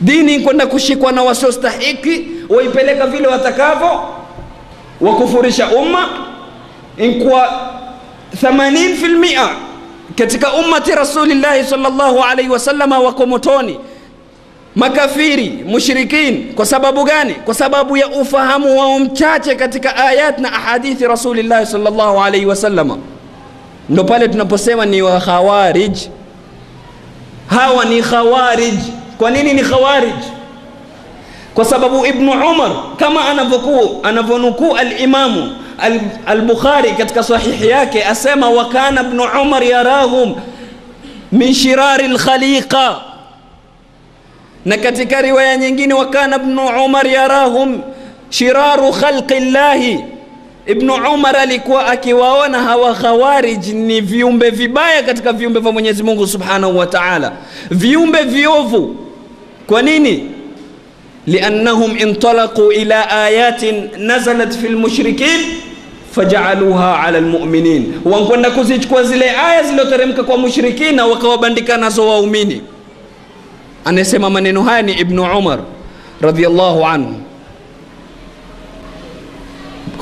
dini kwenda kushikwa na wasiostahiki waipeleka vile watakavyo wakufurisha umma inkuwa 80% katika ummati rasulillahi sallallahu alaihi wasallama wako motoni makafiri mushrikin kwa sababu gani kwa sababu ya ufahamu wao mchache katika ayat na ahadithi rasulillahi sallallahu alaihi wasallama ndo pale tunaposema ni wa khawarij hawa ni khawarij kwa nini ni khawarij? Kwa sababu Ibnu Umar kama anavyokuwa anavyonukuu alimamu albukhari al katika sahihi yake asema, wa kana bnu Umar yarahum min shirari lkhaliqa na katika riwaya nyingine, wa kana bnu Umar yarahum shiraru khalqi llahi Ibnu Umar alikuwa akiwaona hawa khawarij ni viumbe vibaya katika viumbe vya Mwenyezi Mungu Subhanahu wa Ta'ala, viumbe viovu kwa nini? Liannahum intalaqu ila ayatin nazalat fi lmushrikin fajaaluha ala lmuminin wankwenda kuzichukua zile aya zilizoteremka kwa mushrikina wakawabandika nazo waumini. Anasema maneno haya ni Ibnu Umar radhiallahu anhu.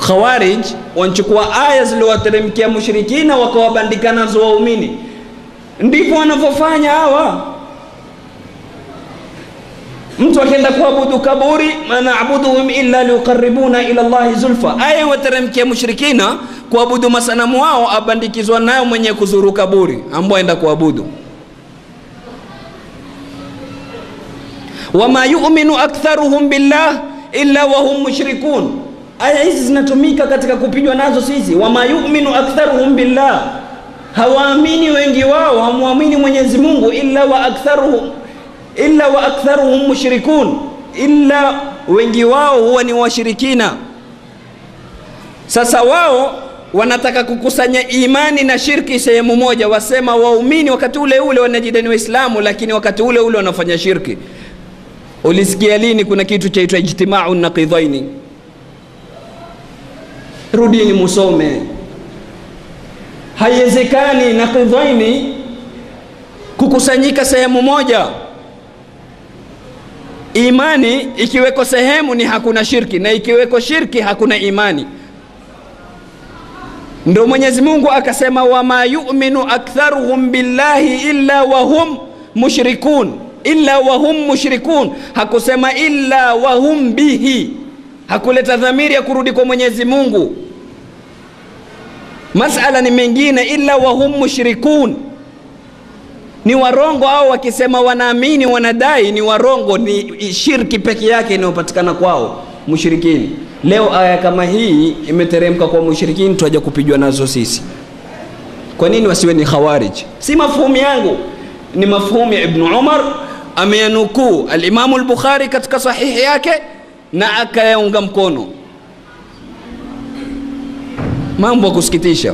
Khawarij wanchukua aya zilizowateremkia mushrikina wakawabandika nazo waumini, ndipo wanavyofanya hawa mtu akienda kuabudu kaburi manaabuduhum illa liuqaribuna ila llahi zulfa aya wateremkia mushrikina kuabudu masanamu wao abandikizwa nayo mwenye kuzuru kaburi ambao aenda kuabudu wama yuminu aktharuhum billah illa wahum mushrikun aya hizi zinatumika katika kupijwa nazo sisi wama yuminu aktharuhum billah hawaamini wengi wao hamwamini mwenyezi mungu illa wa aktharuhum illa wa aktharuhum mushrikun, illa wengi wao huwa ni washirikina. Sasa wao wanataka kukusanya imani na shirki sehemu moja, wasema waumini wakati ule ule wanajidani Waislamu, lakini wakati ule ule wanafanya shirki. Ulisikia lini kuna kitu chaitwa ijtimau naqidhaini? Rudini musome, haiwezekani naqidhaini kukusanyika sehemu moja Imani ikiweko sehemu ni hakuna shirki, na ikiweko shirki hakuna imani. Ndo Mwenyezi Mungu akasema, wama yuminu aktharuhum billahi illa wahum mushrikun, illa wahum mushrikun. Hakusema illa wahum bihi, hakuleta dhamiri ya kurudi kwa Mwenyezi Mungu. Masala ni mengine, illa wahum mushrikun ni warongo au wakisema wanaamini wanadai ni warongo, ni shirki peke yake inayopatikana kwao mushirikini Leo aya kama hii imeteremka kwa mushirikini twaja kupijwa nazo sisi. Kwa nini wasiwe ni khawarij? Si mafhumu yangu, ni mafhumu ya Ibn Umar, ameyanukuu Alimamu Al-Bukhari katika sahihi yake na akayaunga mkono. Mambo ya kusikitisha.